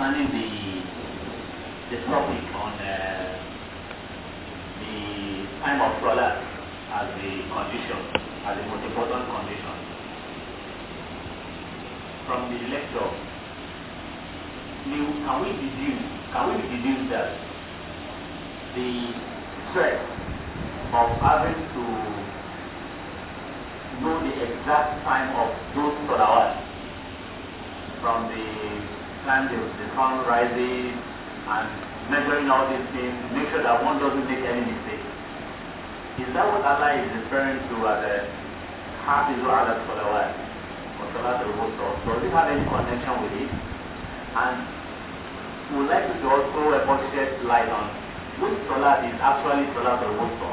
concerning the the topic on uh, the time of product as the condition, as the most important condition. From the lecture, can we deduce can we deduce that the stress of having to know the exact time of those salawat from the time the, the sun rises and measuring all these things, make sure that one doesn't make any mistake. Is that what Allah is referring to as a half is Allah for the world, Or Salat al Does it have any connection with it? And we would like to also a light on which Salat is actually Salat al Wusta.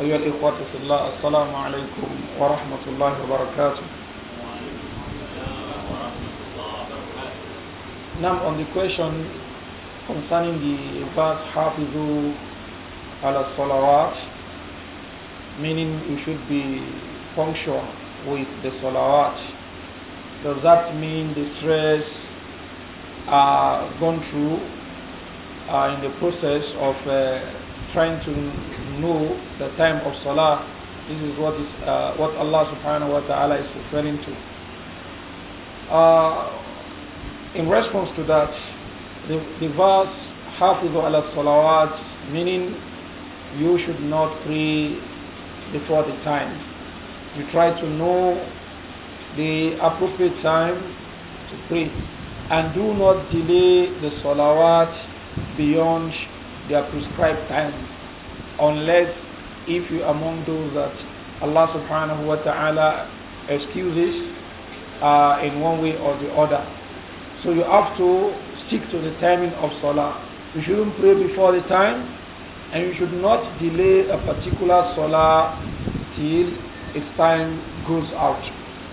أيها الإخوة في الله السلام عليكم ورحمة الله وبركاته Now on the question concerning the verse حافظوا على الصلوات meaning you should be punctual with the salawat does that mean the stress uh, gone through uh, in the process of uh, trying to know the time of salah, this is what is uh, what Allah subhanahu wa ta'ala is referring to. Uh, in response to that, the, the verse Hafizu ala salawat meaning you should not pray before the time. You try to know the appropriate time to pray and do not delay the salawat beyond their prescribed time unless if you among those that Allah subhanahu wa ta'ala excuses uh, in one way or the other. So you have to stick to the timing of salah. You shouldn't pray before the time and you should not delay a particular salah till its time goes out.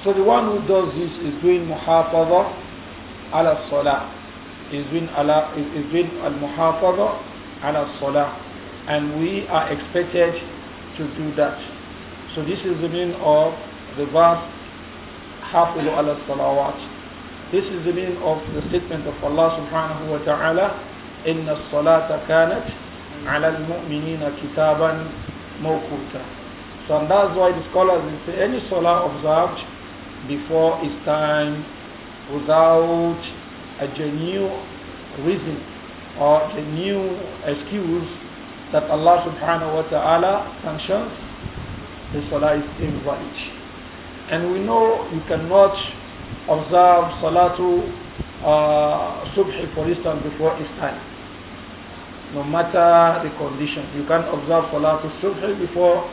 So the one who does this is doing muhafaza ala salah, is doing, ala, is doing al-muhafaza ala salah and we are expected to do that. So this is the meaning of the verse حافظ على الصلوات. This is the meaning of the statement of Allah subhanahu wa ta'ala إن الصلاة كانت al المؤمنين كتابا موقوتا. So and that's why the scholars say any salah observed before its time without a genuine reason or the new excuse that Allah subhanahu wa ta'ala sanctions, the salah is invalid. And we know you cannot observe salatu uh, subh for instance before its time. No matter the condition, you can observe salatu subh before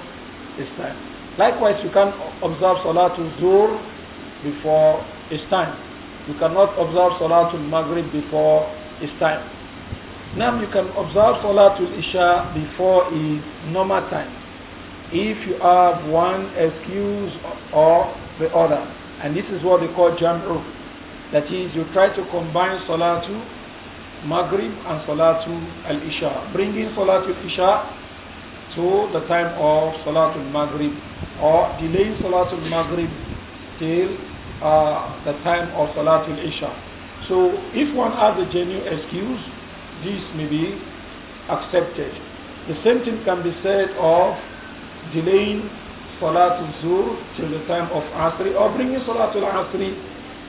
its time. Likewise, you can observe salatu zuhr before its time. You cannot observe salatul maghrib before its time. Now you can observe Salatul Isha before its normal time if you have one excuse or the other. And this is what we call jam'u. That is, you try to combine Salatul Maghrib and Salatul Al-Isha, bringing Salatul Isha to the time of Salatul Maghrib or delaying Salatul Maghrib till uh, the time of Salatul Isha. So if one has a genuine excuse, this may be accepted. The same thing can be said of delaying Salatul Zuhr till the time of Asri or bringing Salatul Asri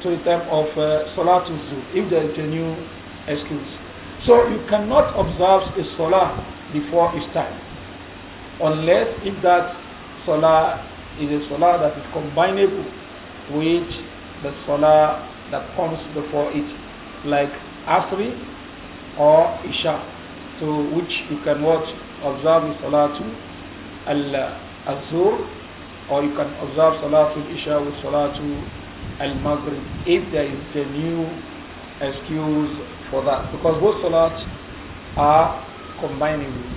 to the time of uh, Salatul Zuhr if there is a new excuse. So you cannot observe a Salah before its time unless if that Salah is a Salah that is combinable with the Salah that comes before it like Asri or Isha. to which you can watch, observe the Salatul Al-Azur or you can observe Salatul Isha with Salatul Al-Maghrib if there is a new excuse for that. Because both Salats are combinable.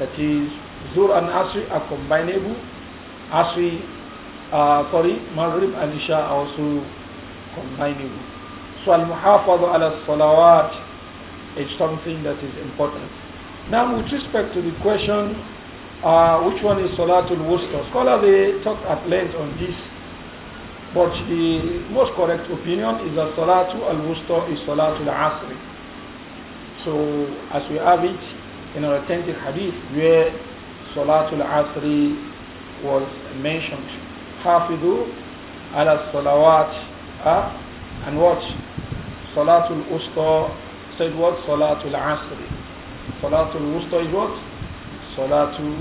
That is, Zur and Asri are combinable. Asri, uh, sorry, Maghrib and Isha are also combinable. So Al-Muhafadu al Salawat is something that is important. Now, with respect to the question, uh, which one is Salatul Wusta? Scholars, they talk at length on this, but the most correct opinion is that Salatul Al-Wusta is Salatul Asri. So, as we have it in our authentic hadith, where Salatul Asri was mentioned, Hafidu ala Salawat, ah, and what? Salatul Usta said what? Salatul Asri. Salatul Wusta is what? Salatul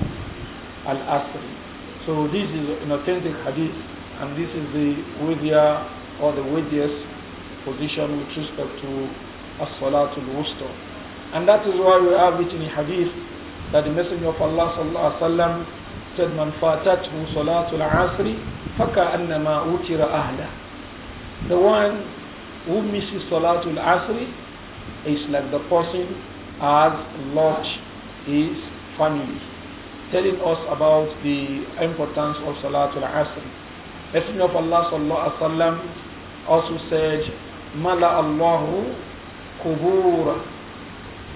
Al Asri. So this is an authentic hadith and this is the withier or the weightiest position with respect to As-Salatul Wusta. And that is why we have written in hadith that the Messenger of Allah sallallahu alaihi wasallam said man fatathu salatul asri faka'annama utira ahla. The one who misses salatul asri is like the person has lost his family. Telling us about the importance of Salatul Asr. Messenger of Allah sallallahu alaihi wasallam also said, "Mala Allahu kubur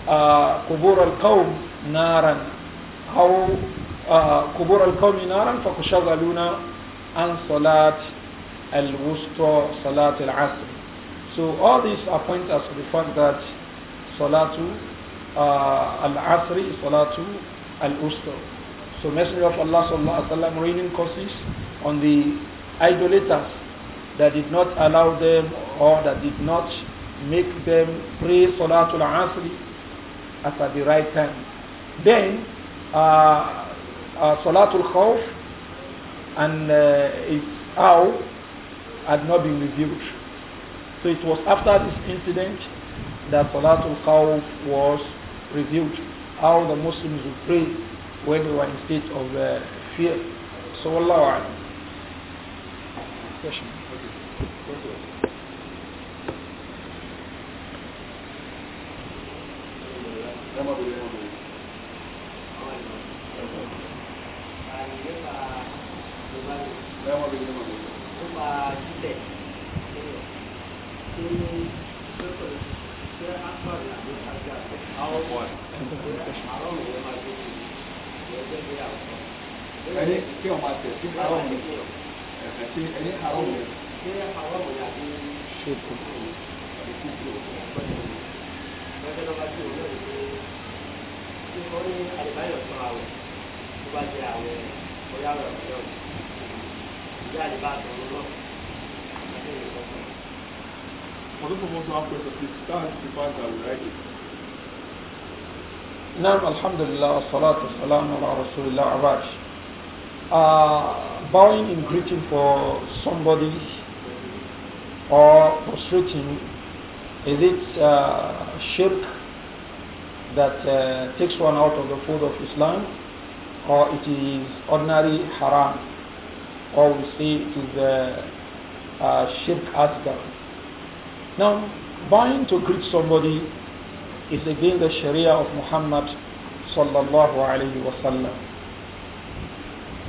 uh, kubur al qawm naran." أو uh, Naran القوم نارا فكشغلونا عن صلاة الوسطى صلاة Asr." So all these are us to the fact that Salatu uh, Al-Asri is Salatu Al-Usta. So Messenger of Allah Sallallahu Alaihi Wasallam raining curses on the idolaters that did not allow them or that did not make them pray Salatul Asri at the right time. Then uh, uh, Salatul Khawf and uh, its how had not been revealed. So it was after this incident that Salatul Khawf was revealed, how the Muslims would pray when they were in state of uh, fear. So Allah Question. Okay. نعم الحمد لله والصلاة والسلام على رسول الله عباش uh, bowing in greeting for somebody or prostrating? Is it uh, shirk that uh, takes one out of the fold of Islam? Or it is ordinary haram? Or we say it is a, uh, uh, shirk asgar? Now, buying to greet somebody is again the Sharia of Muhammad sallallahu alayhi wasallam.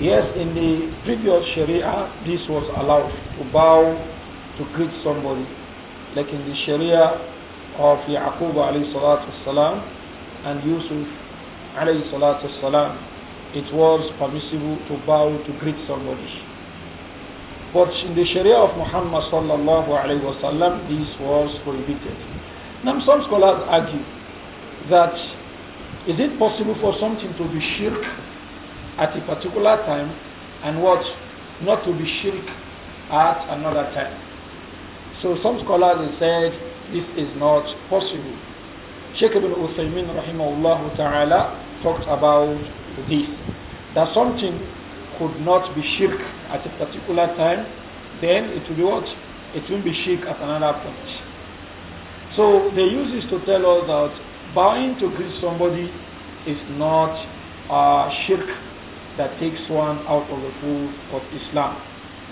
Yes, in the previous Sharia, this was allowed to bow to greet somebody. Like in the Sharia of Yaqub alayhi salatu salam and Yusuf alayhi salatu salam, it was permissible to bow to greet somebody. But in the Sharia of Muhammad sallallahu alayhi wasallam, this was prohibited. Now some scholars argue that is it possible for something to be shirk at a particular time and what not to be shirk at another time? So some scholars have said this is not possible. Sheikh ibn Uthaymin, rahimahullah ta'ala talked about this. That something could not be shirk at a particular time, then it will be what? It will be shirk at another point. So they use this to tell us that bowing to greet somebody is not a shirk that takes one out of the fold of Islam.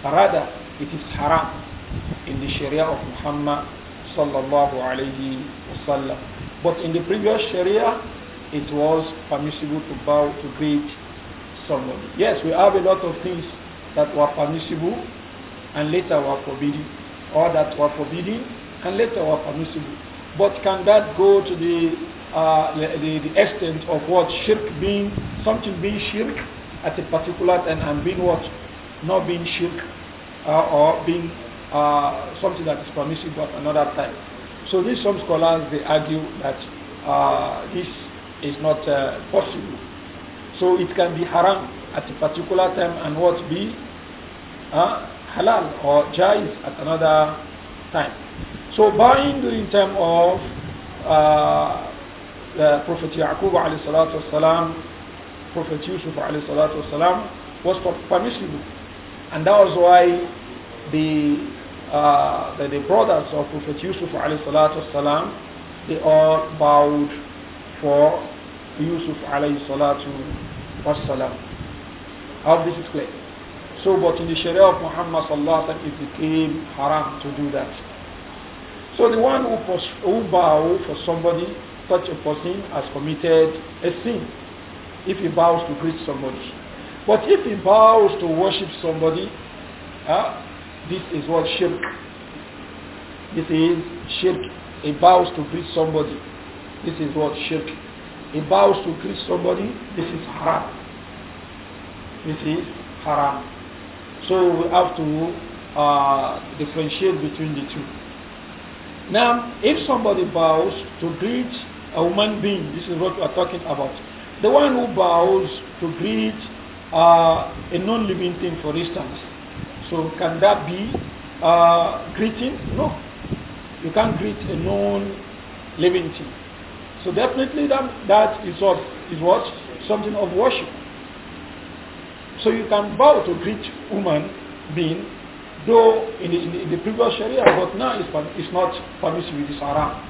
Rather, it is haram in the Sharia of Muhammad sallallahu alayhi wasallam. But in the previous Sharia, it was permissible to bow to greet somebody. Yes, we have a lot of things that were permissible and later were forbidden, or that were forbidden and later were permissible. But can that go to the uh, the, the, extent of what shirk being something being shirk at a particular time and being what not being shirk uh, or being uh, something that is permissible at another time. So these some scholars they argue that uh, this is not uh, possible. So it can be haram at a particular time and what be uh, halal or jais at another time. So buying during time of uh, Prophet Yaqub alayhi salatu wasalam, Prophet Yusuf alayhi salatu wasalam was permissible. And that was why the, uh, the, the, brothers of Prophet Yusuf alayhi salatu salam, they all bowed for Yusuf alayhi salatu wasalam. How this is clear. So, but in the Sharia of Muhammad sallallahu alayhi it became haram to do that. So the one who, who bow for somebody, such a person has committed a sin if he bows to greet somebody. But if he bows to worship somebody, uh, this is what shirk. This is shirk. He vows to greet somebody. This is what shirk. He vows to greet somebody. This is haram. This is haram. So we have to uh, differentiate between the two. Now, if somebody vows to greet a human being, this is what we are talking about. The one who vows to greet uh, a non-living thing, for instance, so can that be uh, greeting? No. You can't greet a known living thing. So definitely that, that is, what, is what? Something of worship. So you can bow to greet woman being, though in the, in the, in the previous Sharia, but now it's, it's not permissible, it's haram.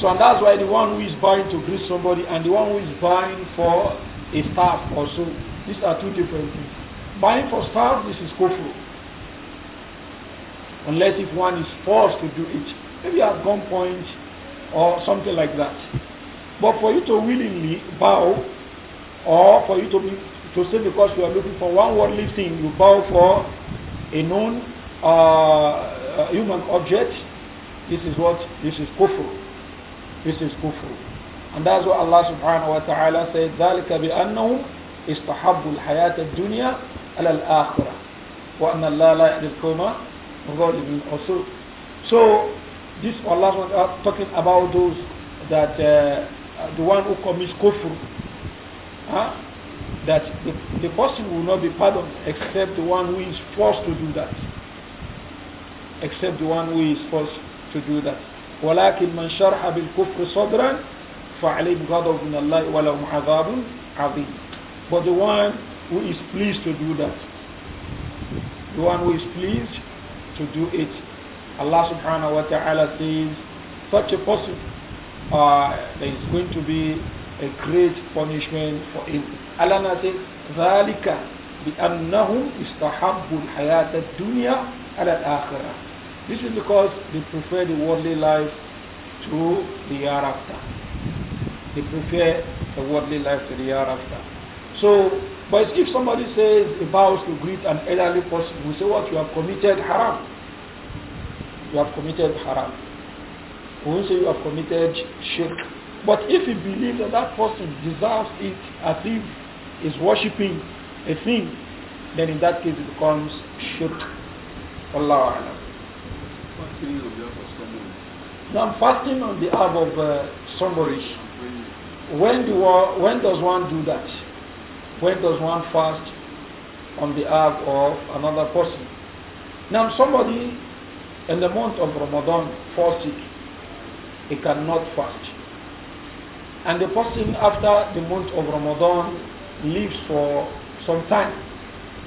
So and that's why the one who is buying to greet somebody and the one who is buying for a staff also, these are two different things buying for spouse, this is kufu. Unless if one is forced to do it, maybe at gunpoint or something like that. But for you to willingly bow, or for you to be to say because you are looking for one worldly thing, you bow for a known uh, human object, this is what this is kufu. This is kufru. And that's what Allah subhanahu wa ta'ala said, ذَلِكَ بِأَنَّهُمْ استحبوا الحياة الدنيا على الآخرة وأن الله لا يهدي القوم الظالمين also so this Allah is talking about those that uh, the one who commits kufr huh? that the, the person will not be pardoned except the one who is forced to do that except the one who is forced to do that ولكن من شرح بالكفر صدرا فعليه غضب من الله ولهم عذاب عظيم but the one who is pleased to do that. The one who is pleased to do it. Allah subhanahu wa ta'ala says, such a person, uh, there is going to be a great punishment for him. Allah says, ذَلِكَ بِأَنَّهُمْ إِسْتَحَبُّوا الْحَيَاةَ الدُّنْيَا عَلَى الْآخِرَةِ This is because they prefer the worldly life to the hereafter. They prefer the worldly life to the hereafter. So but if somebody says he vows to greet an elderly person, we say what you have committed haram. You have committed haram. We will say you have committed shirk. But if he believes that that person deserves it as if is worshipping a thing, then in that case it becomes shirk. Allah Alam. Now I'm fasting on behalf of uh, somebody. When, do, uh, when does one do that? When does one fast on behalf of another person? Now, somebody in the month of Ramadan fasts; he cannot fast. And the person after the month of Ramadan lives for some time.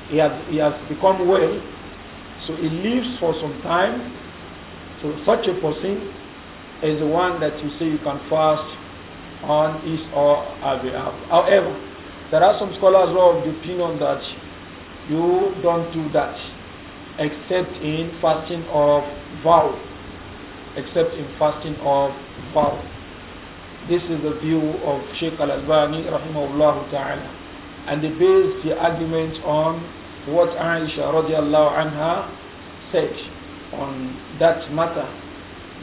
He has, he has become well, so he lives for some time. So such a person is the one that you say you can fast on his or her behalf. However, there are some scholars who are the opinion that you don't do that except in fasting of vow. Except in fasting of vow. This is the view of Sheikh Al Albani, rahimahullah ta'ala. And they based the argument on what Aisha radiallahu anha said on that matter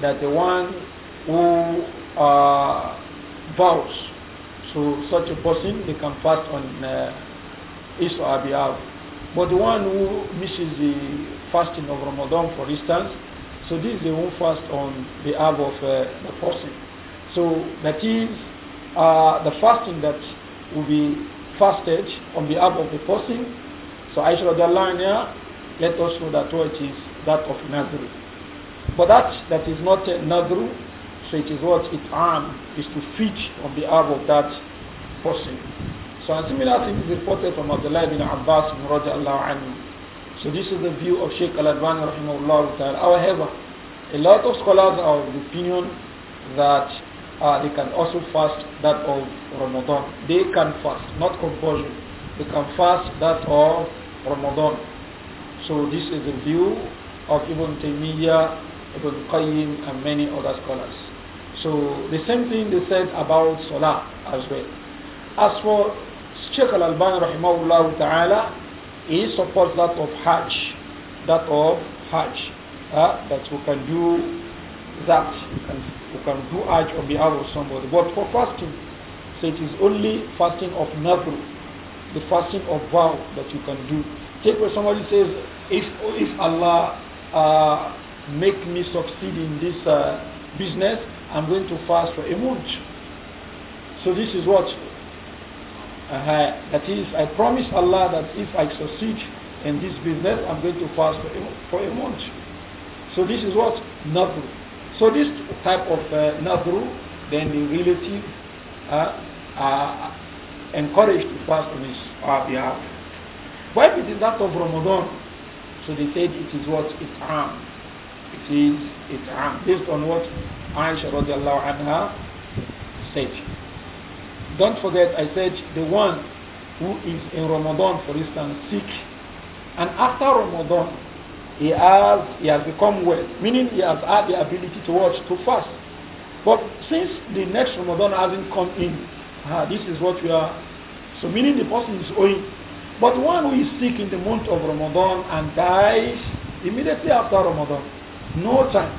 that the one who uh, vows to such a person, they can fast on uh, his or her behalf. But the one who misses the fasting of Ramadan, for instance, so this they won't fast on behalf of uh, the person. So that is uh, the fasting that will be fasted on behalf of the person. So I line here. let us know that is that of nazar. But that that is not uh, so it is what its arm is to feed on behalf of that person. So a similar thing is reported from Abdullah bin Abbas bin al anhu. So this is the view of Sheikh Al-Adwan rahimahullah ta'ala. However, a lot of scholars are of the opinion that uh, they can also fast that of Ramadan. They can fast, not compulsion. They can fast that of Ramadan. So this is the view of Ibn Taymiyyah, Ibn Qayyim and many other scholars. So the same thing they said about Salah as well. As for Sheikh Al-Albani rahimahullah ta'ala, he supports that of Hajj, that of Hajj, uh, that we can do that, and we can do Hajj on behalf of somebody. But for fasting, so it is only fasting of Nadru, the fasting of vow that you can do. Take where somebody says, if, if Allah uh, make me succeed in this uh, business, I'm going to fast for a month. So this is what uh, that is, I promise Allah that if I succeed in this business, I'm going to fast for a, for a month. So this is what nadru. So this type of uh, nadru, then the relative uh, are encouraged to fast on his uh, behalf. But if it is that of Ramadan, so they said it is what it's It is it's based on what Aisha radiallahu anha said. Don't forget, I said, the one who is in Ramadan, for instance, sick, and after Ramadan, he has, he has become well, meaning he has had the ability to watch, to fast. But since the next Ramadan hasn't come in, ah, this is what we are, so meaning the person is owing. But one who is sick in the month of Ramadan and dies immediately after Ramadan, no time.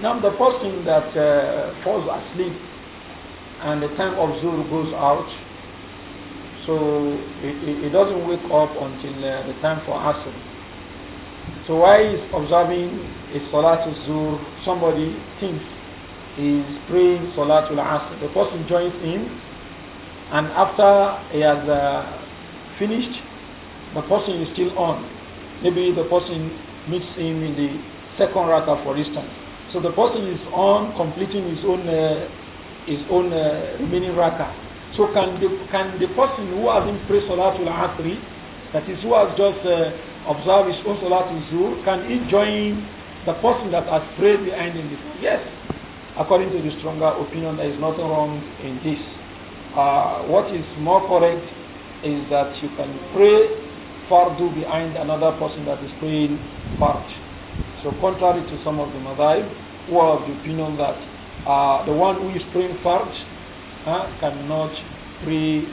Now the person that uh, falls asleep and the time of Zuhr goes out, so he doesn't wake up until uh, the time for Asr. So while he's observing a Salatul Zuhr, somebody thinks he's praying Salatul Asr. The person joins in, and after he has uh, finished, the person is still on. Maybe the person meets him in the second raka, for instance. So the person is on completing his own uh, his own uh, remaining raka. So can the, can the person who hasn't prayed Salatul Asri, that is who has just uh, observed his own Salatul Zuhr, can he join the person that has prayed behind him before? Yes, according to the stronger opinion, there is nothing wrong in this. Uh, what is more correct is that you can pray fardu behind another person that is praying fard. So contrary to some of the madhaib, who are of the opinion that uh, the one who is praying fard uh, cannot pray,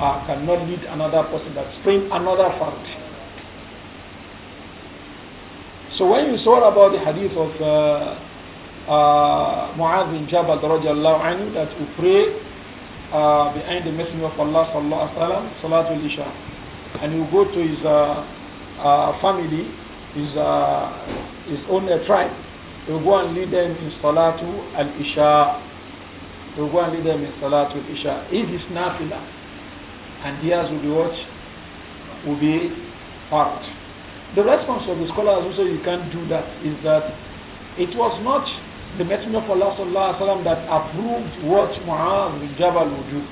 uh, cannot lead another person that's praying another fard. So when you saw about the hadith of uh, uh Mu'adh bin Jabal radiallahu anhu that we pray uh, behind the messenger of Allah sallallahu alaihi wasallam, salatul isha and he will go to his uh, uh, family, his, uh, his own tribe. He will go and lead them in Salatu al-Isha. He will go and lead them in Salatu al-Isha. It is nafila. And theirs will be what? Will be part. The response of the scholars who say you can't do that is that it was not the Messenger of Allah sallallahu alaihi wasallam that approved what Mu'adh bin Jabal would do,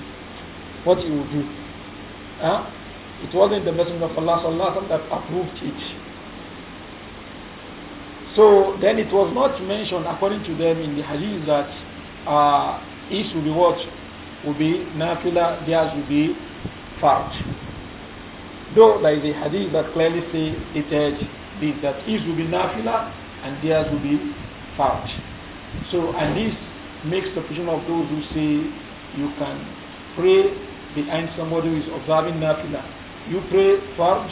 what he would do. Huh? It wasn't the Messenger of Allah sallallahu that approved it. So then it was not mentioned according to them in the hadith that uh, will be what? Will be nafila, theirs will be fard. Though there is a hadith that clearly stated this, that his will be nafila and theirs will be fard. So, and this makes the position of those who say you can pray behind somebody who is observing nafila you pray Farj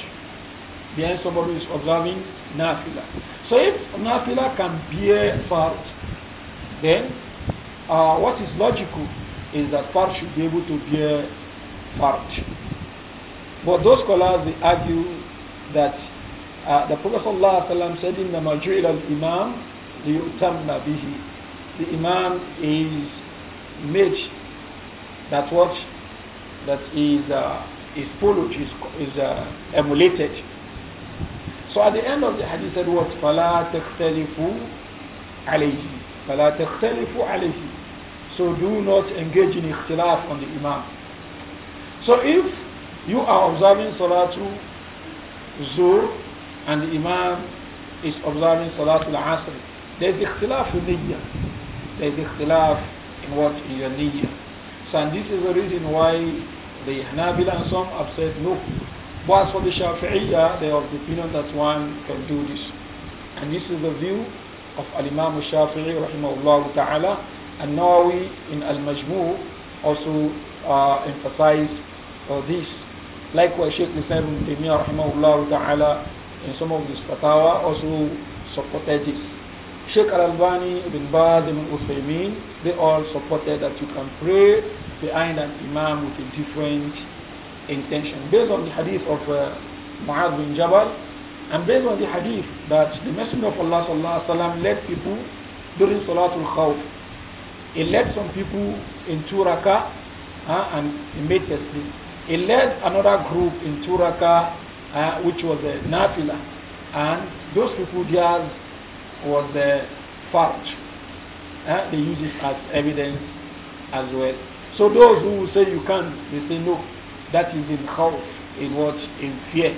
behind somebody who is observing Nafila. So if Nafila can bear Farj, then uh, what is logical is that Farj should be able to bear Farj. But those scholars, they argue that uh, the Prophet ﷺ said in the Majul al-Imam, The Imam is made that what that is uh, is followed, is, is uh, emulated. So at the end of the hadith said was فَلَا تَخْتَلِفُوا عَلَيْهِ فَلَا تَخْتَلِفُوا عَلَيْهِ So do not engage in ikhtilaf on the imam. So if you are observing Salatul Zuhr and the imam is observing Salatul Asr, there is ikhtilaf in niyyah. There is ikhtilaf in what? In your niyyah. So and this is the reason why the Hanabila and some have said no. But as for the Shafi'iyya, they are of the opinion that one can do this. And this is the view of Al-Imam Shafi'i rahimahullah ta'ala and Nawawi in Al-Majmu' also uh, emphasize uh, this. Likewise, Sheikh Nisab ibn Taymiyyah rahimahullah ta'ala in some of his fatawa also supported this. Sheikh Al-Albani, Ibn Baz, Ibn Uthaymeen, they all supported that you can pray behind an imam with a different intention. Based on the hadith of uh, Mu'adh bin Jabal, and based on the hadith that the Messenger of Allah sallallahu alaihi wasallam led people during Salatul Khawf. He led some people in raka, uh, and immediately. made He led another group in raka, uh, which was the Nafila and those people theirs was the Farj. Uh, they use it as evidence as well. So those who say you can't, they say no. That is in khawf, in what? In fear.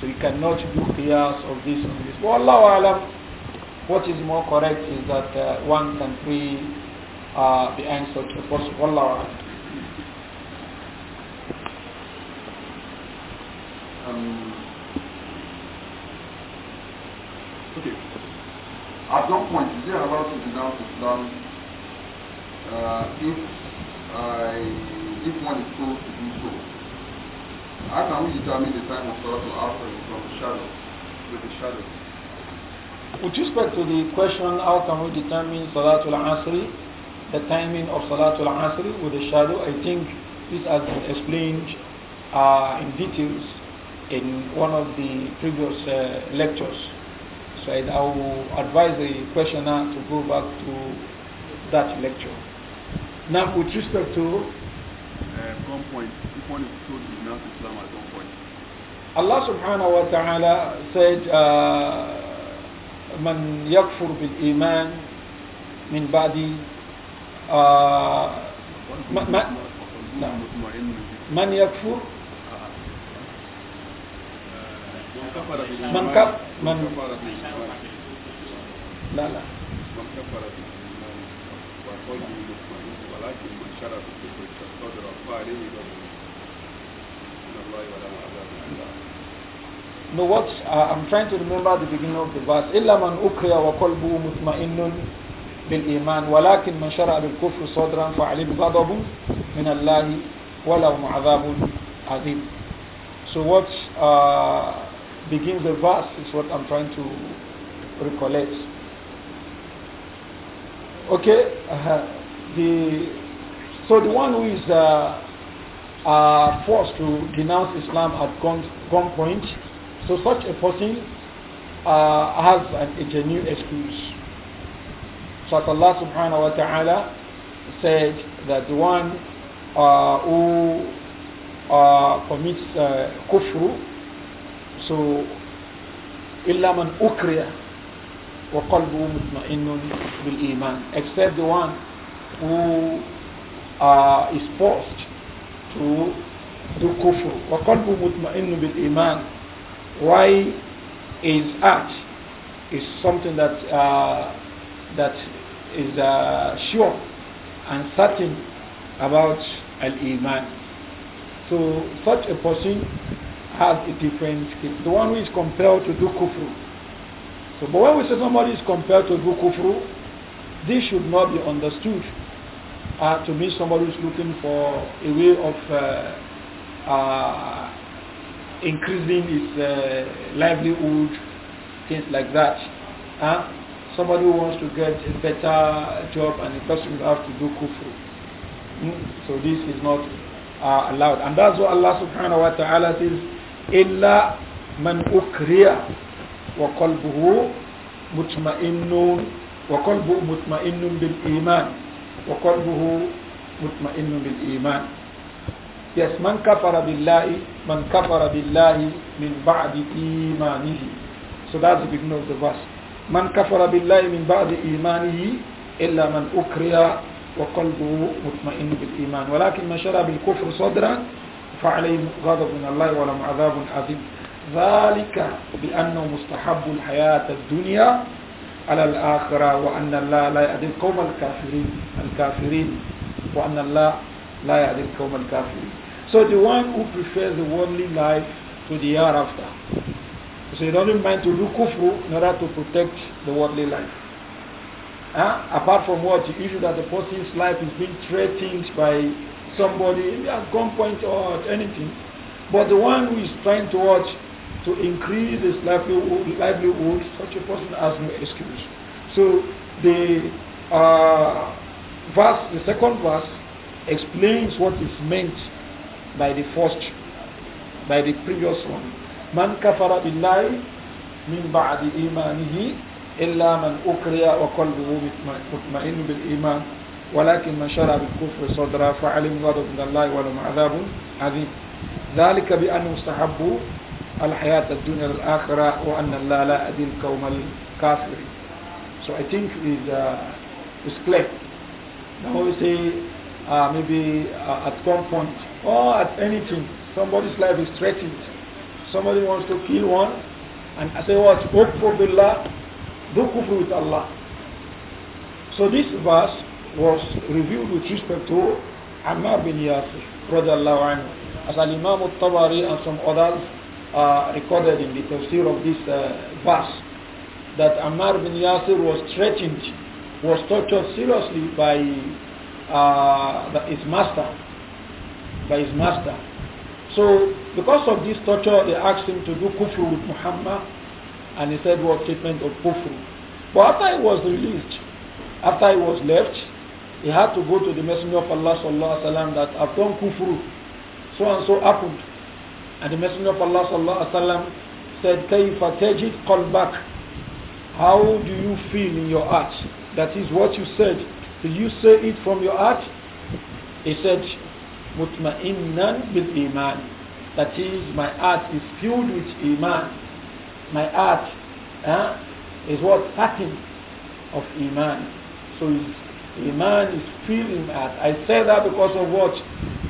So you cannot do qiyas of this and this. But Allah alam, what is more correct is that uh, one can pray uh, answer to a person. Allah alam. Um, okay. At some point, is there allowed to denounce Islam uh, if I, if one is told to do so, how can we determine the time of Salatul asr from the shadow, with the shadow? With respect to the question, how can we determine Salatul Asr, the timing of Salatul Asr with the shadow, I think this has been explained uh, in details in one of the previous uh, lectures. So I, I will advise the questioner to go back to that lecture. Now, with respect to uh, gunpoint, someone is told to denounce Islam at gunpoint. Allah subhanahu wa ta'ala said, uh, من يكفر بالإيمان من بعد uh, من يكفر من كفر من لا لا من كفر وخير مطمئن ولكن من شرع بالكفر كالصدر فعليه ذنب من الله ولا عذاب الا No, what uh, I'm trying to remember the beginning of the verse. إلا من أكره وقلبه مطمئن بالإيمان ولكن من شرع بالكفر صدرا فعليه غضب من الله ولهم عذاب عظيم. So what uh, begins the verse is what I'm trying to recollect. Okay, uh, the so the one who is uh, uh, forced to denounce Islam at gun, gunpoint, so such a person uh, has an, a genuine excuse. So Allah subhanahu wa ta'ala said that the one uh, who uh, commits uh, kufru, so illa man ukriya. وَقَلْبُهُ مُطْمَئِنٌ بِالْإِيمَانِ Except the one who uh, is forced to do kufr. وَقَلْبُهُ مُطْمَئِنٌ بِالْإِيمَانِ Why is act is something that uh, that is uh, sure and certain about al-iman. So such a person has a different skill. The one who is compelled to do kufr so, but when we say somebody is compared to Abu Kufru, this should not be understood uh, to mean somebody who's looking for a way of uh, uh, increasing his uh, livelihood, things like that. Somebody who wants to get a better job and the person will have to do kufru. Hmm? So this is not uh, allowed. And that's what Allah subhanahu wa ta'ala says, إِلَّا مَنْ أُكْرِيَ وقلبه مطمئن وقلبه مطمئن بالإيمان وقلبه مطمئن بالإيمان يس من كفر بالله من كفر بالله من بعد إيمانه So that's the beginning of the verse من كفر بالله من بعد إيمانه إلا من أكره وقلبه مطمئن بالإيمان ولكن من شرع بالكفر صدرا فعليه غضب من الله ولم عذاب عظيم ذلك بأنه مستحب الحياة الدنيا على الآخرة وأن الله لا الكافرين الكافرين وأن الله لا الكافرين So the one who prefers the worldly life to the hereafter. So he doesn't mind to do kufru in order to protect the worldly life. Huh? Apart from what the issue that the person's life is being threatened by somebody at gunpoint or anything. But the one who is trying to watch to increase his livelihood, livelihood such a person has no excuse. So the uh, verse, the second verse, explains what is meant by the first, by the previous one. Man kafara billahi min ba'di imanihi illa man ukriya wa qalbuhu mutma'innu bil iman ولكن من شرع بالكفر صدرا فعلم غضب من الله ولهم عذاب عظيم ذلك بأنه استحبوا الحياة الدنيا وأن الله لا أدي القوم الكافرين so I think is uh, is clear now we say uh, maybe uh, at one point or at anything somebody's life is threatened somebody wants to kill one and I say what for Allah, do kufr with Allah so this verse was revealed with respect to Ammar bin Yasir radiallahu anhu as imam al-Tabari and some others recorded in the tafsir of this uh, verse that Ammar bin Yasir was threatened, was tortured seriously by, uh, his master, by his master. So because of this torture, they asked him to do kufr with Muhammad, and he said what treatment of kufr. But after he was released, after he was left, he had to go to the Messenger of Allah sallallahu alaihi wasallam that I've done kufr, so and so happened. And the Messenger of Allah said, alaihi wasallam said, كَيْفَ تَجِدْ قَلْبَكَ How do you feel in your heart? That is what you said. Did you say it from your heart? He said, مُطْمَئِنًّا بِالْإِيمَانِ That is, my heart is filled with Iman. My heart eh, is what? Certain of Iman. So Iman is filling my heart. I say that because of what?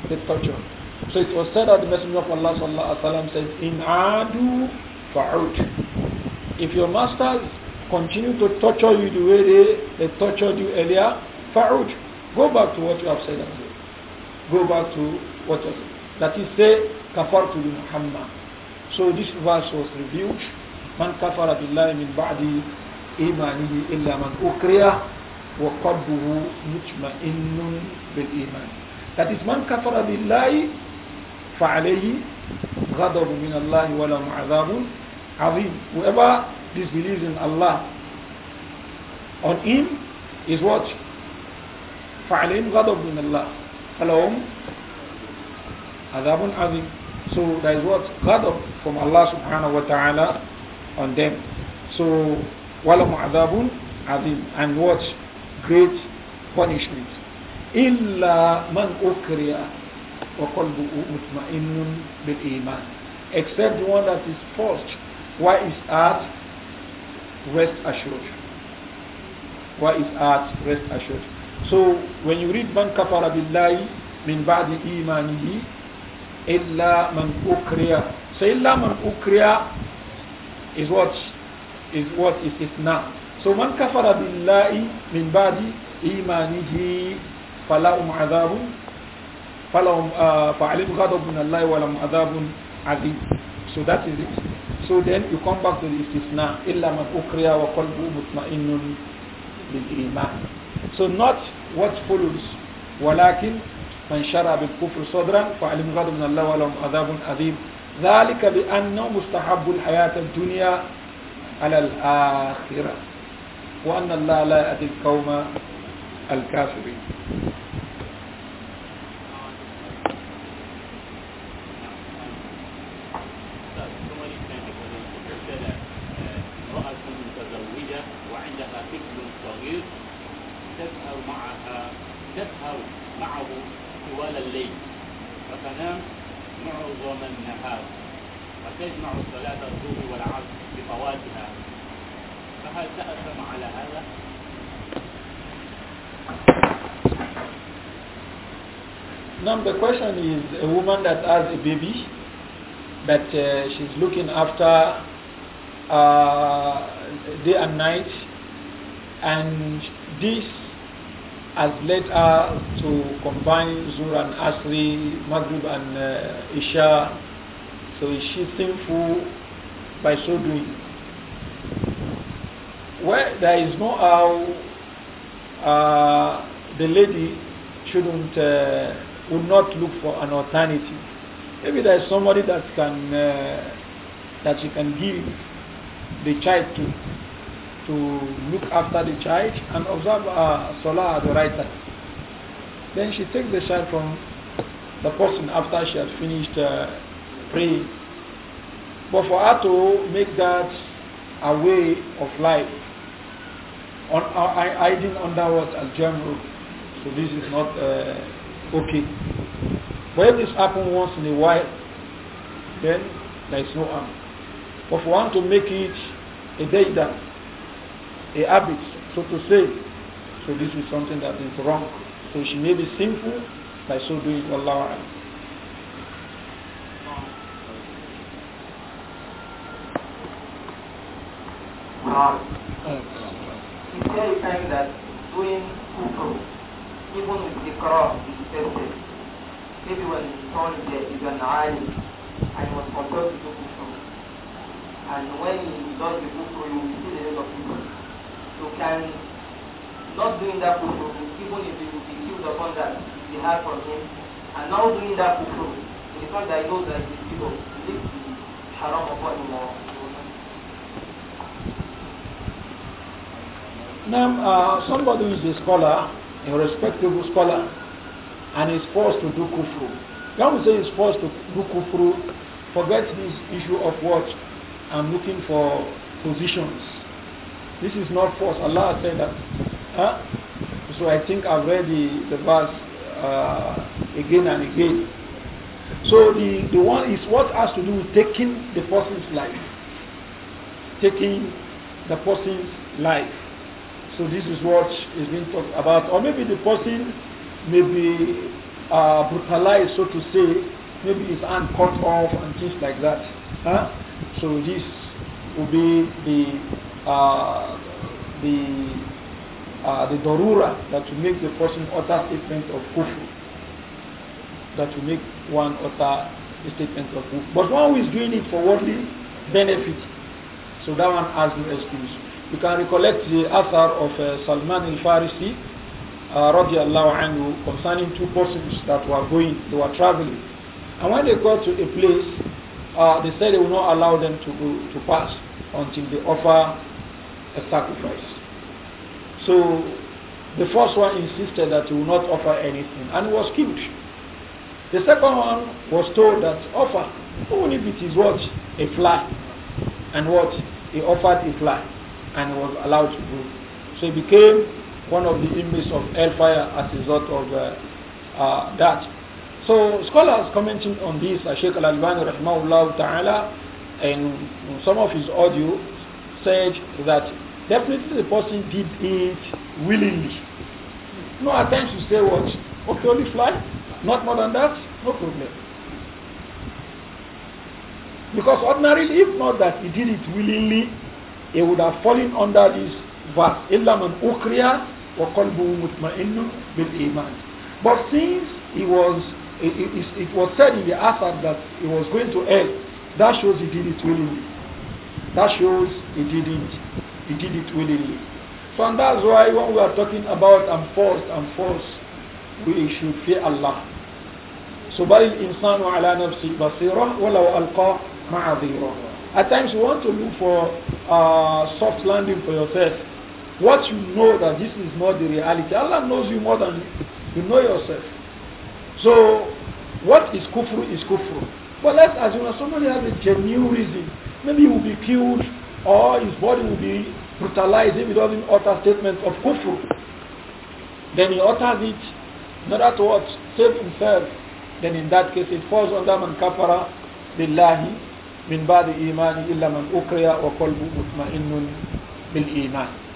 The torture. So it was said that the Messenger of Allah sallallahu alaihi wasallam said, "In adu fa'ud." If your masters continue to torture you the way they, they tortured you earlier, fa'ud. Go back to what you have said and Go back to what you said. That is, say, kafar to Muhammad. So this verse was revealed. Man kafara billahi min ba'di imanihi illa man ukriya وقلبه مطمئن بالإيمان that is man kafara billahi فَعَلَيْهِ غَضَبٌ مِنَ اللَّهِ وَلَهُ عَذَابٌ عَظِيمٌ Whoever disbelieves in Allah, on him is what? فَعَلَيْهِمْ غَضَبٌ مِنَ اللَّهِ فَلَهُمْ عَذَابٌ عَظِيمٌ So there is what? غضب from Allah subhanahu wa ta'ala on them. So وَلَهُمْ عَذَابٌ عَظِيمٌ And what? Great punishment. إِلَّا مَنْ أكره except the one that is forced Why is heart rest assured while his heart rest assured so when you read man kafara billahi min ba'di imanihi illa man ukriya so illa man ukriya is what is what is is now so man kafara billahi min ba'di imanihi فلهم فَلَهُمْ آه، فَعَلِمْ غَضَبٌ من اللَّهِ وَلَمْ عَذَابٌ عظيم So that is it. So then you come back to the istisna. إِلَّا مَنْ أكريا وَقَلْبُهُ مُطْمَئِنٌ بِالْإِيمَانِ So not what follows. ولكن من شرع بالكفر صدرا فعلم غضب من الله ولهم عذاب عظيم ذلك بأنه مستحب الحياة الدنيا على الآخرة وأن الله لا يأتي القوم الكافرين that uh, she's looking after uh, day and night, and this has led her to combine Zuhr and Asri, Maghrib and uh, Isha. So is she sinful by so doing? Well, there is no how uh, the lady shouldn't uh, would not look for an alternative Maybe there is somebody that can uh, that you can give the child to to look after the child and observe uh, Salah at the right time. Then she takes the child from the person after she has finished uh, praying. But for her to make that a way of life, on uh, I, I didn't under what general, So this is not uh, okay. When this happens once in a while, then there is no harm. But if we want to make it a data, a habit, so to say, so this is something that is wrong. So she may be sinful by so doing Allah. Is there a time that doing kufr, even with the Quran, is accepted? maybe when his son there is an alim and he was compelled to do kufru. And when he does the book, he will see the head of people. You can not doing that kufru, even if he will be killed upon that, be hard for him. And now doing that kufru, it is not that he knows that it is evil. It is haram upon him or now, uh, somebody who is a scholar, a respectable scholar, and is forced to do kufru. When we say is forced to do kufru, forget this issue of what I'm looking for positions. This is not force. Allah said that. Huh? So I think I've read the, the verse uh, again and again. So the, the one is what has to do with taking the person's life. Taking the person's life. So this is what is being talked about. Or maybe the person maybe uh, brutalized, so to say, maybe his hand cut off and things like that. Huh? So this will be the uh, the uh, the darura that will make the person utter statement of kufu. That will make one utter a statement of kufr. But one who is doing it for worldly benefit, so that one has no excuse. You can recollect the author of uh, Salman al-Farisi uh, radiallahu anhu concerning two persons that were going, they were traveling. And when they got to a place, uh, they said they will not allow them to, to pass until they offer a sacrifice. So the first one insisted that he will not offer anything and was killed. The second one was told that offer, even if it is what? A fly. And what? He offered a fly and was allowed to go. So he became one of the images of hellfire as a result of uh, uh that. So scholars commenting on this, uh, Sheikh Al-Albani rahimahullah ta'ala, in some of his audio, said that definitely the person did it willingly. No attempt to say what? Okay, only fly, not more than that, no problem. Because ordinarily, if not that he did it willingly, he would have fallen under this verse. إِلَّا مَنْ أُكْرِيَ وَقَلْبُهُ مُطْمَئِنٌ بِالْإِيمَانِ But since he was, it, it, it was said in the Athar that he was going to hell, that shows he did it willingly. That shows he did it. He did it willingly. So and that's why when we are talking about and force and force, we should fear Allah. So by الإنسان على نفسه بصيرة ولو ألقى معذيرة. At times you want to look for uh, soft landing for yourself. What you know that this is not the reality. Allah knows you more than you know yourself. So what is kufru is kufru. But let's assume that somebody has a genuine reason. Maybe he will be killed or his body will be brutalized if he doesn't utter statement of kufru. Then he utters it in order to what? Save himself. Then in that case it falls under man kafara billahi min ba'di imani illa man ukriya wa qalbu mutmainun bil iman.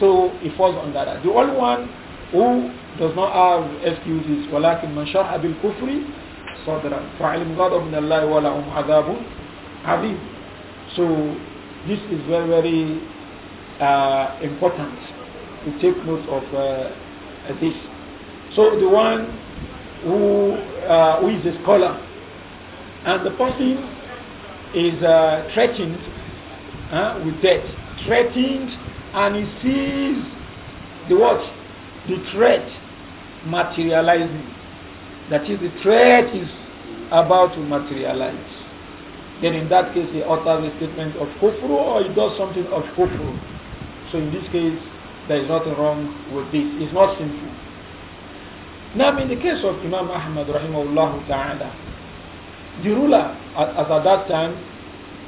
So it falls on that. The only one who does not have excuses, ولكن من شرح بالكفر صدرا فعلم غضب من الله ولهم عذاب عظيم. So this is very very uh, important to take note of uh, uh, this. So the one who, uh, who is a scholar and the person is uh, threatened uh, with death, threatened and he sees the what? The threat materializing. That is, the threat is about to materialize. Then in that case, he utters a statement of kufru or he does something of kufru. So in this case, there is nothing wrong with this. It's not sinful. Now, in the case of Imam Ahmad, rahimahullah ta'ala, the ruler as at that time,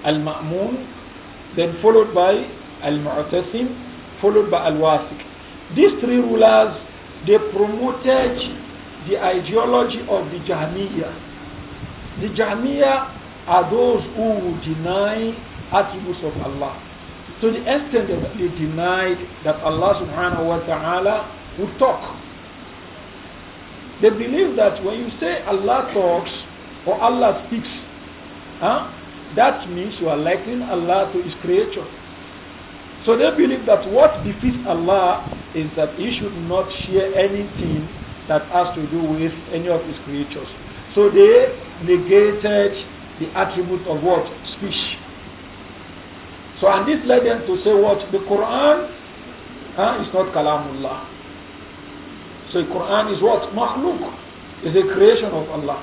Al-Ma'mun, then followed by Al-Mu'tasim, followed by al wasik These three rulers, they promoted the ideology of the Jahmiyyah. The Jahmiyyah are those who deny attributes of Allah. To the extent that they denied that Allah subhanahu wa ta'ala would talk. They believe that when you say Allah talks or Allah speaks, huh, that means you are likening Allah to his creature. So they believe that what befits Allah is that He should not share anything that has to do with any of His creatures. So they negated the attribute of what? Speech. So and this led them to say what? The Quran huh, is not Kalamullah. So the Quran is what? Makhluk. is a creation of Allah.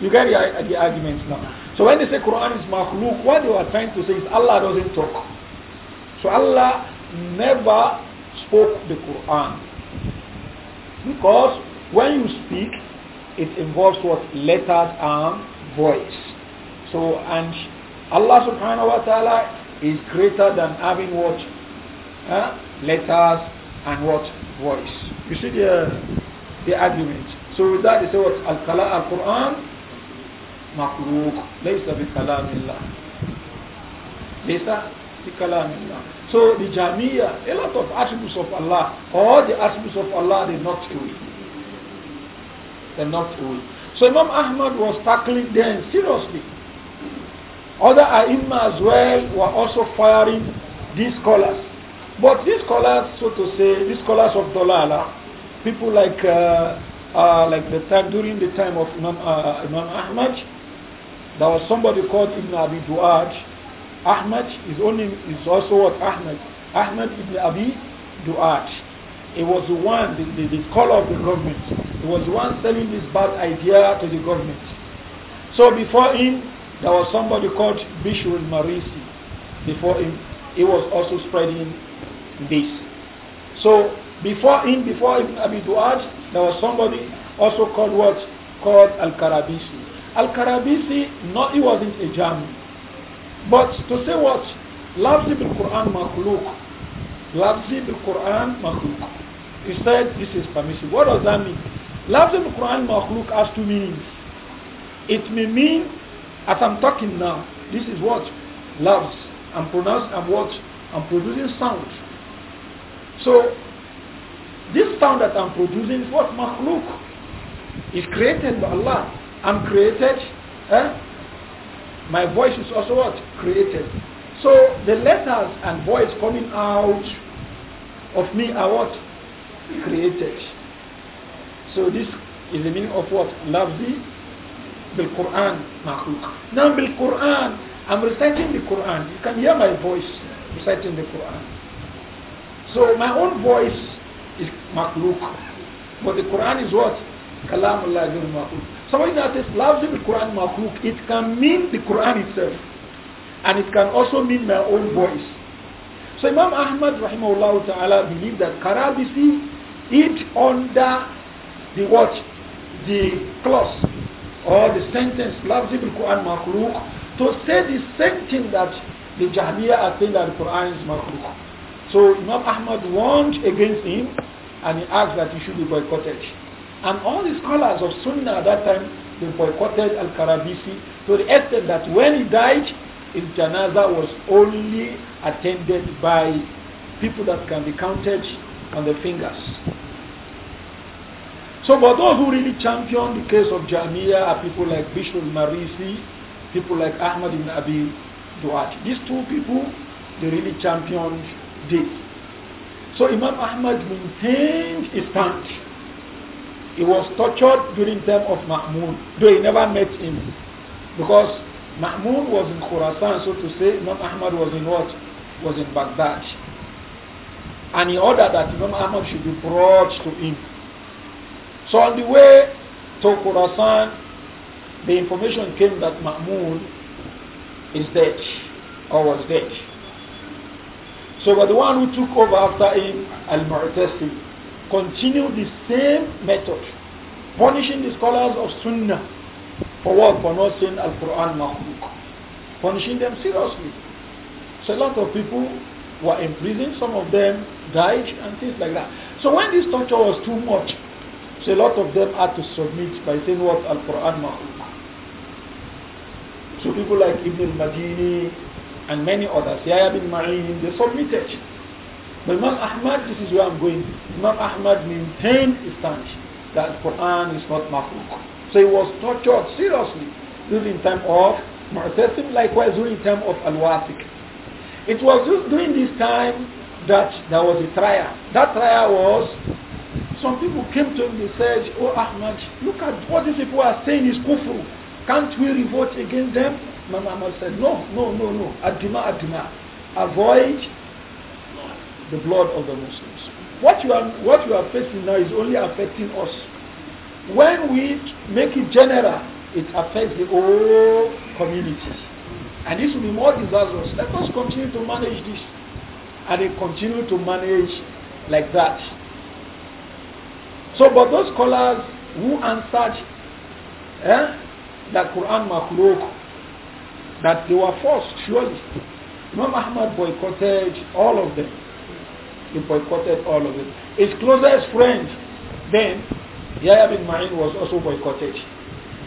You get the, the argument now. So when they say Quran is makhluk, what they are trying to say is Allah doesn't talk. So Allah never spoke the Quran. Because when you speak, it involves what? Letters and voice. So, and Allah subhanahu wa ta'ala is greater than having what? Letters and what? Voice. You see the, the argument. So with that they say what? Al-Qala al-Quran مخلوق ليس بكلام الله so the Jamia, a lot of attributes of Allah, all the attributes of Allah, they not away. They not away. So Imam Ahmad was tackling them seriously. Other Aimma as well were also firing these scholars. But these scholars, so to say, these scholars of Dolala, people like uh, uh, like the time during the time of Imam, uh, Imam Ahmad, there was somebody called Ibn Abi Duaj Ahmad is is also what Ahmad Ahmad ibn Abi Duat. He was the one, the, the, the of the government. He was the one selling this bad idea to the government. So before him, there was somebody called Bishr al-Marisi. Before him, he was also spreading this. So before him, before Ibn Abi Duat, there was somebody also called what? Called Al-Karabisi. Al-Karabisi, not he wasn't a German. But to say what? Lafzi bil مَخْلُوقُ makhluk. Lafzi مَخْلُوقُ. He said this is permissible. What does that mean? Lafzi bil مَخْلُوقُ has two meanings. It may mean, as I'm talking now, this is what? Lafz. I'm pronouncing, I'm what? I'm producing sound. So, this sound that I'm producing is what? مَخْلُوقُ It's created by Allah. I'm created eh, my voice is also what? Created. So the letters and voice coming out of me are what? Created. So this is the meaning of what? Lafzi bil Quran makhluk. Now bil Quran, I'm reciting the Quran. You can hear my voice reciting the Quran. So my own voice is makhluk. But the Quran is what? Kalamullah makhluk. Somebody that says, loves the Quran Mafuk, it can mean the Quran itself. And it can also mean my own voice. So Imam Ahmad rahimahullah ta'ala believed that Karabisi it under the watch, the clause or the sentence, loves the Quran Makhluk, to say the same thing that the Jahmiyyah are saying that the Quran is Makhluk. So Imam Ahmad warned against him and he asked that he should be boycotted. And all the scholars of Sunnah at that time, they boycotted Al-Karabisi to the extent that when he died, his janaza was only attended by people that can be counted on the fingers. So for those who really championed the case of Jamia are people like Bishop Marisi, people like Ahmad ibn Abi Duat. These two people, they really championed this. So Imam Ahmad maintained his stance he was tortured during time of Mahmud, though he never met him. Because Mahmud was in Khorasan, so to say, Imam Ahmad was in what? Was in Baghdad. And he ordered that Imam Ahmad should be brought to him. So on the way to Khorasan, the information came that Mahmud is dead, or was dead. So but the one who took over after him, Al-Mu'tasim, continue the same method, punishing the scholars of Sunnah for what? For not saying Al-Quran makhluk. Punishing them seriously. So a lot of people were imprisoned, some of them died and things like that. So when this torture was too much, so a lot of them had to submit by saying what Al-Quran makhluk. So people like Ibn al-Madini and many others, Yahya bin Ma'in, they submitted. But Imam Ahmad, this is where I'm going. Imam Ahmad maintained his stance that Quran is not makhluk. So he was tortured seriously during the time of Mu'tasim, likewise during the time of Al-Wasik. It was during this time that there was a trial. That trial was some people came to him and said, Oh Ahmad, look at what these people are saying is kufru. Can't we revolt against them? Imam Ahmad said, No, no, no, no. Adima, adima. Avoid the blood of the Muslims. What you are, what you are facing now is only affecting us. When we make it general, it affects the whole community. And this will be more disastrous. Let us continue to manage this. And they continue to manage like that. So, but those scholars who answered eh, that Quran makhluk, that they were forced, surely. Imam Ahmad boycotted all of them. He boycotted all of it. His closest friend then, Yahya bin Ma'in was also boycotted.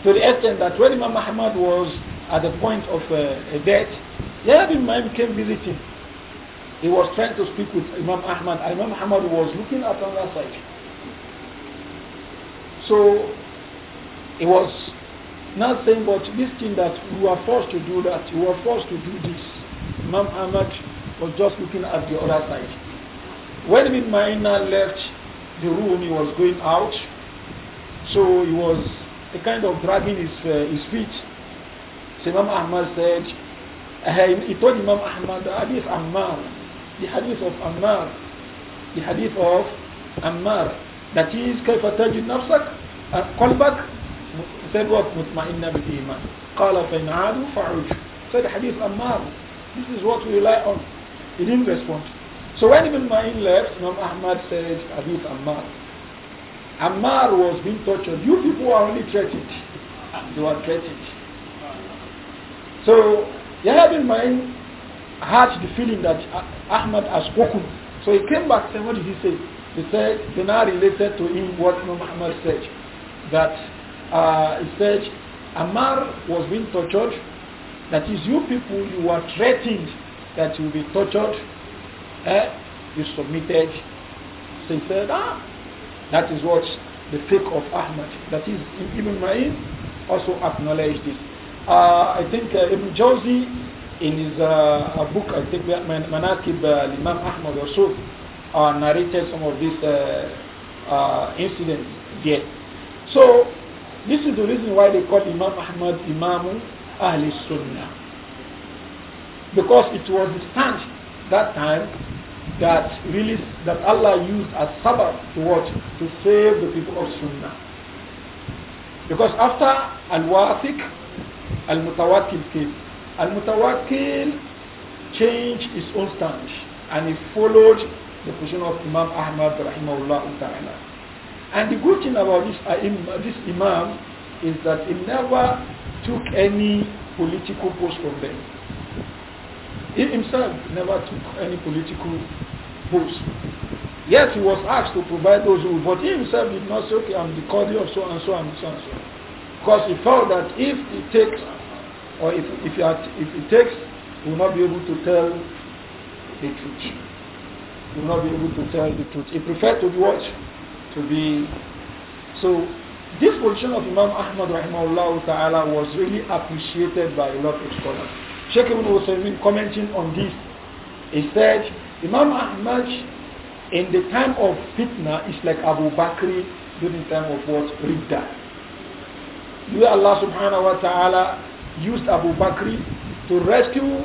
To the extent that when Imam Muhammad was at the point of uh, death, Yahya bin Ma'in came visiting. He was trying to speak with Imam Ahmad. And Imam Ahmad was looking at another side. So he was not saying, but this thing that you are forced to do that, you are forced to do this. Imam Ahmad was just looking at the other side. When Ibn Ma'ina left the room, he was going out. So he was a kind of dragging his, uh, his feet. So Imam Ahmad said, uh, he told Imam Ahmad, the hadith Ammar, the hadith of Ammar, the hadith of Ammar, that is, كيف تجد نفسك قلبك said what مطمئن بالإيمان قال فإن عادوا فعج said hadith Ammar this is what we rely on he didn't respond so when Ibn Ma'in left, Imam Ahmad said, Hadith Ammar. Ammar was being tortured. You people are only threatened. You are threatened. So Yahya Ibn Ma'in had the feeling that Ahmad has spoken. So he came back and said, what did he say? He said, they now related to him what Imam Ahmad said. That uh, he said, Ammar was being tortured. That is, you people, you are threatened that you will be tortured Eh? You submitted. So he said, ah, that is what the fiqh of Ahmad, that is Ibn Ma'in, also acknowledged this. Uh, I think uh, Ibn Jawzi, in his uh, book, I think Man Manakib al uh, Imam Ahmad Yusuf, uh, narrated some of these uh, uh, incidents there. So, this is the reason why they call Imam Ahmad Imam Ahli Sunnah. Because it was the stand that time that really that Allah used as sabbath to what? To save the people of Sunnah. Because after Al-Wathiq, Al-Mutawakkil came. Al-Mutawakkil changed his own stance and he followed the position of Imam Ahmad rahimahullah ta'ala. And the good thing about this, uh, this Imam is that he never took any political post from them. He himself never took any political Yes, he was asked to provide those rules, but he himself did not say, okay, I'm the custody of so and so and so and so. Because he felt that if he takes, or if, if, he, had, if he takes, he will not be able to tell the truth. He will not be able to tell the truth. He preferred to be what? To be. So, this position of Imam Ahmad rahimahullah ta'ala was really appreciated by a lot of scholars. Sheikh Ibn Husaymin commenting on this, he said, Imam Ahmad in the time of fitna is like Abu Bakr during the time of what? Ridda. Where Allah subhanahu wa ta'ala used Abu Bakr to rescue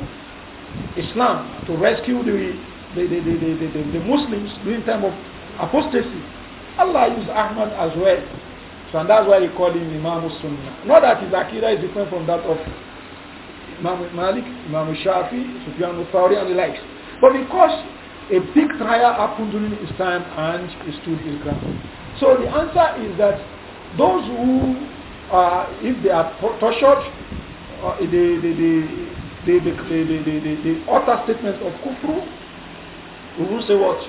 Islam, to rescue the, the, the, the, the, the Muslims during time of apostasy. Allah used Ahmad as well. So and that's why he call him Imam Sunnah. Not that his Akira is different from that of Imam Malik, Imam Shafi, Sufyan al and the likes. But because a big trial happened during his time and he stood his ground. So the answer is that those who, if they are tortured, uh, the, the, the, the, the, the, the, the, utter statement of Kufru, we will say what?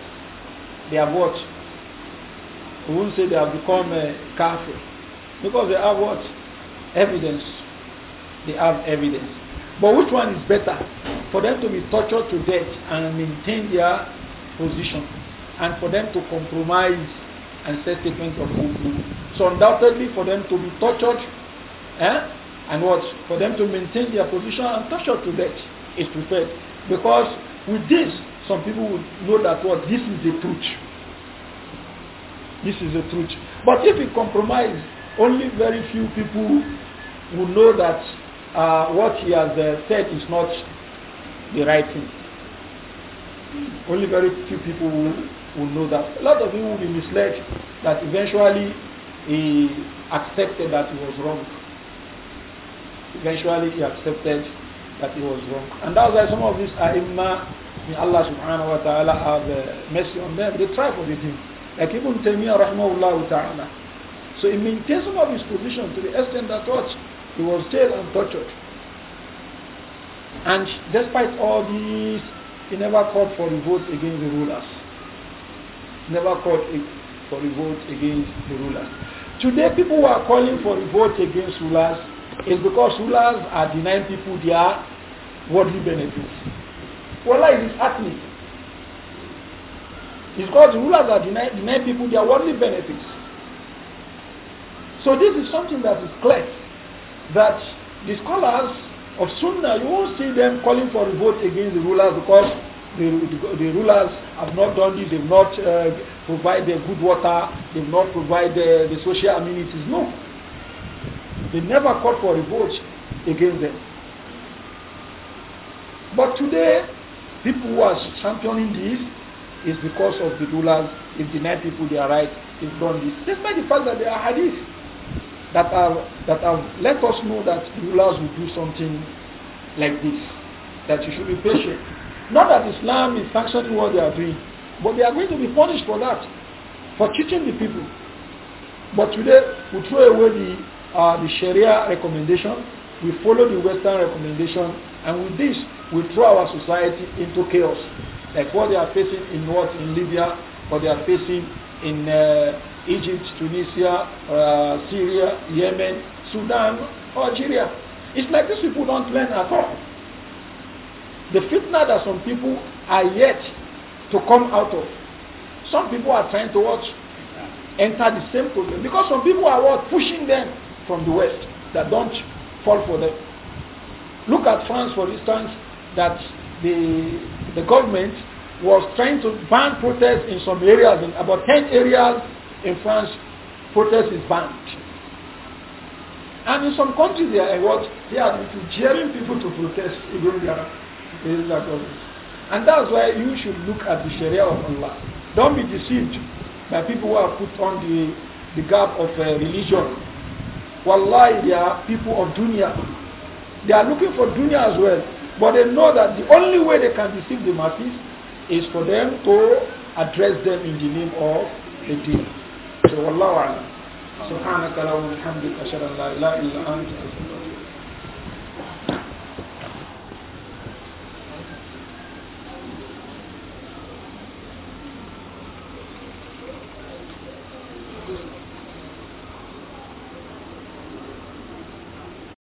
They have what? We will say they have become a kafir. Because they have what? Evidence. They have evidence. But which one is better? For them to be tortured to death and maintain their position, and for them to compromise and say statements of kufr. So undoubtedly, for them to be tortured, eh? and what? For them to maintain their position and tortured to death is preferred. Because with this, some people would know that what this is the truth. This is the truth. But if it compromise, only very few people will know that uh, what he has uh, said is not the right thing. Only very few people will, will know that. A lot of people will be misled that eventually he accepted that he was wrong. Eventually he accepted that he was wrong. And that's why some of these are may Allah subhanahu wa ta'ala have uh, mercy on them. They try for the thing. Like even Taymiyyah rahmahullah ta'ala. So he maintains some of his position to the extent that what he was jailed and tortured. And despite all this, he never called for revolt against the rulers. Never called for revolt against the rulers. Today, people who are calling for revolt against rulers is because rulers are denying people their worldly benefits. Well, this happening. It's because rulers are denying, denying people their worldly benefits. So this is something that is clear that the scholars of Sunnah, you won't see them calling for revolt against the rulers because the, the, the, rulers have not done this, they've not uh, provided good water, they've not provided the social amenities. No. They never called for revolt against them. But today, people who are championing this is because of the rulers, they've denied people their rights, they've done this, despite the fact that they are hadith that have that have let us know that the rulers will do something like this. That you should be patient. Not that Islam is sanctioning what they are doing, but they are going to be punished for that, for cheating the people. But today we throw away the uh, the Sharia recommendation, we follow the Western recommendation, and with this we throw our society into chaos, like what they are facing in what in Libya, what they are facing in. Uh, Egypt, Tunisia, uh, Syria, Yemen, Sudan, Algeria. It's like these people don't learn at all. The fitna that some people are yet to come out of. Some people are trying to watch, enter the same problem. Because some people are what? Pushing them from the West that don't fall for them. Look at France, for instance, that the, the government was trying to ban protests in some areas, in about 10 areas in France, protest is banned. And in some countries, they are what they are jeering people to protest even their government. And that's why you should look at the Sharia of Allah. Don't be deceived by people who are put on the, the garb of uh, religion. Wallahi, they are people of dunya. They are looking for dunya as well. But they know that the only way they can deceive the masses is for them to address them in the name of the deen. والله أعلم سبحانك اللهم وبحمدك أشهد أن لا إله إلا أنت